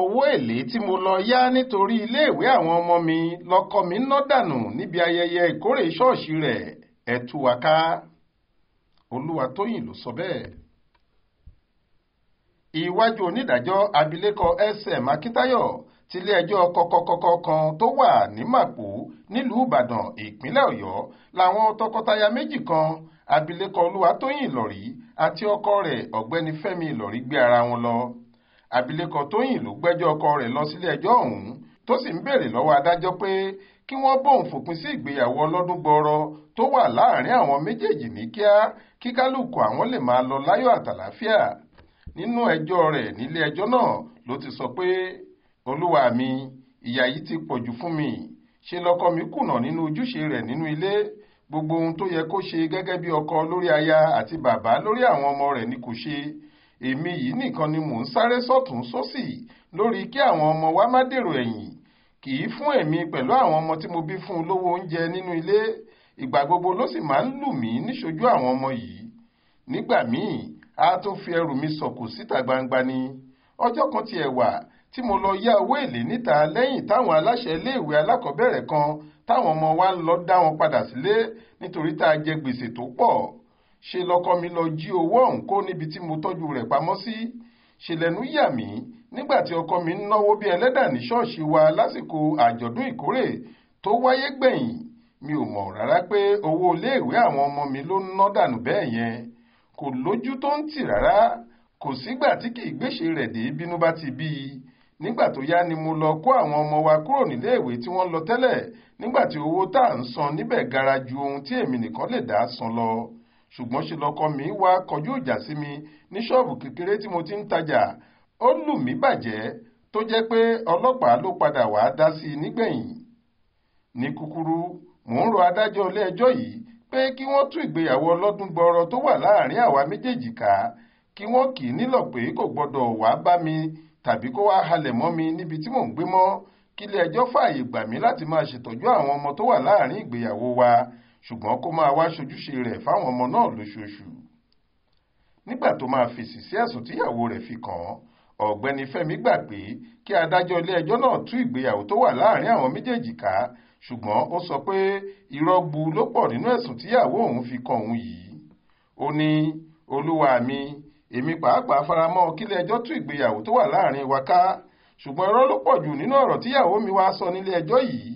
owó èlé tí mo lọ yá nítorí iléèwé àwọn ọmọ mi lọkọ mi ná dànù níbi ayẹyẹ ìkórè ṣọ́ọ̀ṣì rẹ̀ ẹ tú wa ká Olúwatóyìn ló sọ bẹ́ẹ̀. Iwájú onídàájọ́ abilékọ SM Akíntayọ̀ tiléẹjọ́ kọ̀kọ̀kọ̀kọ̀ kan tó wà ní Màpó nílùú Ìbàdàn ìpínlẹ̀ Ọ̀yọ́ làwọn tọkọtaya méjì kan abilékọ Olúwatóyìn Ìlọ̀rí àti ọkọ rẹ̀ ọ̀gbẹ́ni Fẹ́mi Ìlọ̀rí gbé ara wọn lọ abilékọ tóyìn ló gbẹ́jọ́ ọkọ rẹ̀ lọ sílé-ẹjọ́ ọ̀hún tó sì ń béèrè lọ́wọ́ adájọ́ pé kí wọ́n bóun fòpin sí ìgbéyàwó ọlọ́dún gbọọrọ tó wà láàrin àwọn méjèèjì ní kíá kí kálukú àwọn lè máa lọ láyọ̀ àtàlàáfíà nínú ẹjọ́ rẹ̀ nílé ẹjọ́ náà ló ti sọ pé olúwa mi ìyà yìí ti pọ̀jù fún mi ṣe lọ́kọ mi kùnà nínú ojúṣe rẹ̀ nínú ilé gbogbo ohun tó yẹ kó ṣe gẹ́gẹ́ bí ọkọ lórí aya àti bàbá lórí àwọn ọmọ rẹ̀ ni kò ṣe èmi yìí nìkan ni mò ń sáré sọ́tún sósì lórí kí àwọn ọmọ wa má dèrò ẹ̀yìn kì í fún èmi pẹ̀lú àwọn ọmọ tí mo bí fún un lówó oúnjẹ nínú ilé ìgbà gbogbo ló sì máa ń lù mí níṣojú àwọn ọmọ yìí nígbà míì a tó fi ẹrù mi sọ̀kò síta gbangba ni ọjọ́ kan tiẹ̀ wà tí mo lọ yá owó èlé níta lẹ́yìn táwọn aláṣẹ iléèwé alákọ̀ọ́bẹ̀rẹ̀ kan táwọn ọmọ wa ń lọ dá wọn padà sílé nítorí tá a jẹ gbèsè tó pọ̀ ṣe lọ́kọ mi lọ jí owó ọ̀hún kó níbi tí mo tọ́jú rẹ̀ pamọ́ sí ṣèlẹ́nu yà mí nígbà tí ọkọ mi ń náwó bí ẹlẹ́dà ní ṣọ́ọ̀ṣì wa lásìkò àjọ̀dún ìkórè tó wáyé gbẹ̀yìn mi ò mọ̀ rárá pé owó iléèwé àwọn ọmọ mi ló ń ná dànù bẹ́ẹ̀ yẹn kò lójú tó ń tì rárá kò sígbà tí kì í gbéṣe rẹ̀ dé bínú bá ti bí i nígbà tó yá ni mo lọ kó àwọn ọmọ wa kúrò níléèwé tí wọ́n lọ tẹ́lẹ̀ nígbà tí owó tá à ń san níbẹ̀ gara ju ohun tí èmi nìkan lè dá san lọ ṣùgbọ́n ṣe lọ́kọ mi wá kọjú ìjà sí mi ní ṣọ́ọ̀bù kékeré tí mo ti ń tajà ó lù mí bàjẹ́ tó jẹ́ pé ọlọ́pàá ló padà wàá dá sí i nígbẹ̀yìn ní kúkúrú mò ń rọ adájọ́ ilé ẹjọ́ yìí pé kí wọ́n tú ìgbéyàwó ọlọ́dún gbọọrọ tó wà láàrin àwa méjèèjì ká kí wọ́n kì í nílọ̀ pé kò gbọ́dọ̀ wá bá mi tàbí kó wá halẹ̀ mọ́ mi níbi tí mò ń gbé mọ́ kílé ẹjọ́ fààyè gbà mí láti máa ṣètọ́jú àwọn ọmọ tó wà láàrin ìgbéyàwó wa ṣùgbọ́n kó máa wá ṣojúṣe rẹ̀ fáwọn ọmọ náà lóṣooṣù nígbà tó máa fèsì sí ẹ̀sùn tíyàwó rẹ̀ fi kàn án ọ̀gbẹ́ni fẹ́mi gbà pé kí adájọ́ ilé-ẹjọ́ náà tú ìgbéyàwó tó wà láàrin àwọn méjèèjì ká ṣùgbọ́n ó sọ pé irọ́ gbu ló pọ̀ nínú ẹ̀sùn tíyàwó òun fi kan òun yìí ó ní olúwa mi èmi pàápàá faramọ́ kílé-ẹjọ́ tú ìgbéyàwó tó wà láàrin wa ká ṣùgbọ́n irọ́ ló pọ̀ jù nínú ọ̀rọ̀ tíyàwó mi wá sọ nílé-ẹjọ́ yìí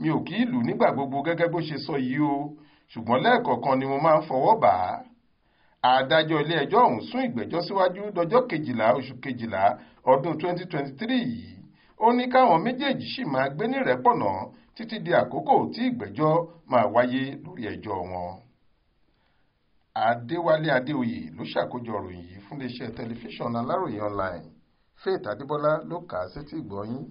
mi ò kì í lù nígbà gbogbo gẹ́gẹ́ bó ṣe sọ yìí o ṣùgbọ́n lẹ́ẹ̀kọ̀ọ̀kan ni mo máa ń fọwọ́ bà á adájọ́ ilé ẹjọ́ ọ̀hún sún ìgbẹ́jọ́ síwájú dọjọ́ kejìlá oṣù kejìlá ọdún 2023 yìí ó ní káwọn méjèèjì sì máa gbé ní rẹ́pọ̀nà títí di àkókò tí ìgbẹ́jọ́ máa wáyé lórí ẹjọ́ wọn. adéwálé adéoyè ló ṣàkójọ ìròyìn yìí fún iléeṣẹ́ tẹlifíṣàn aláròye online faith adébọlá ló kà á sétí ìgbọ́yín.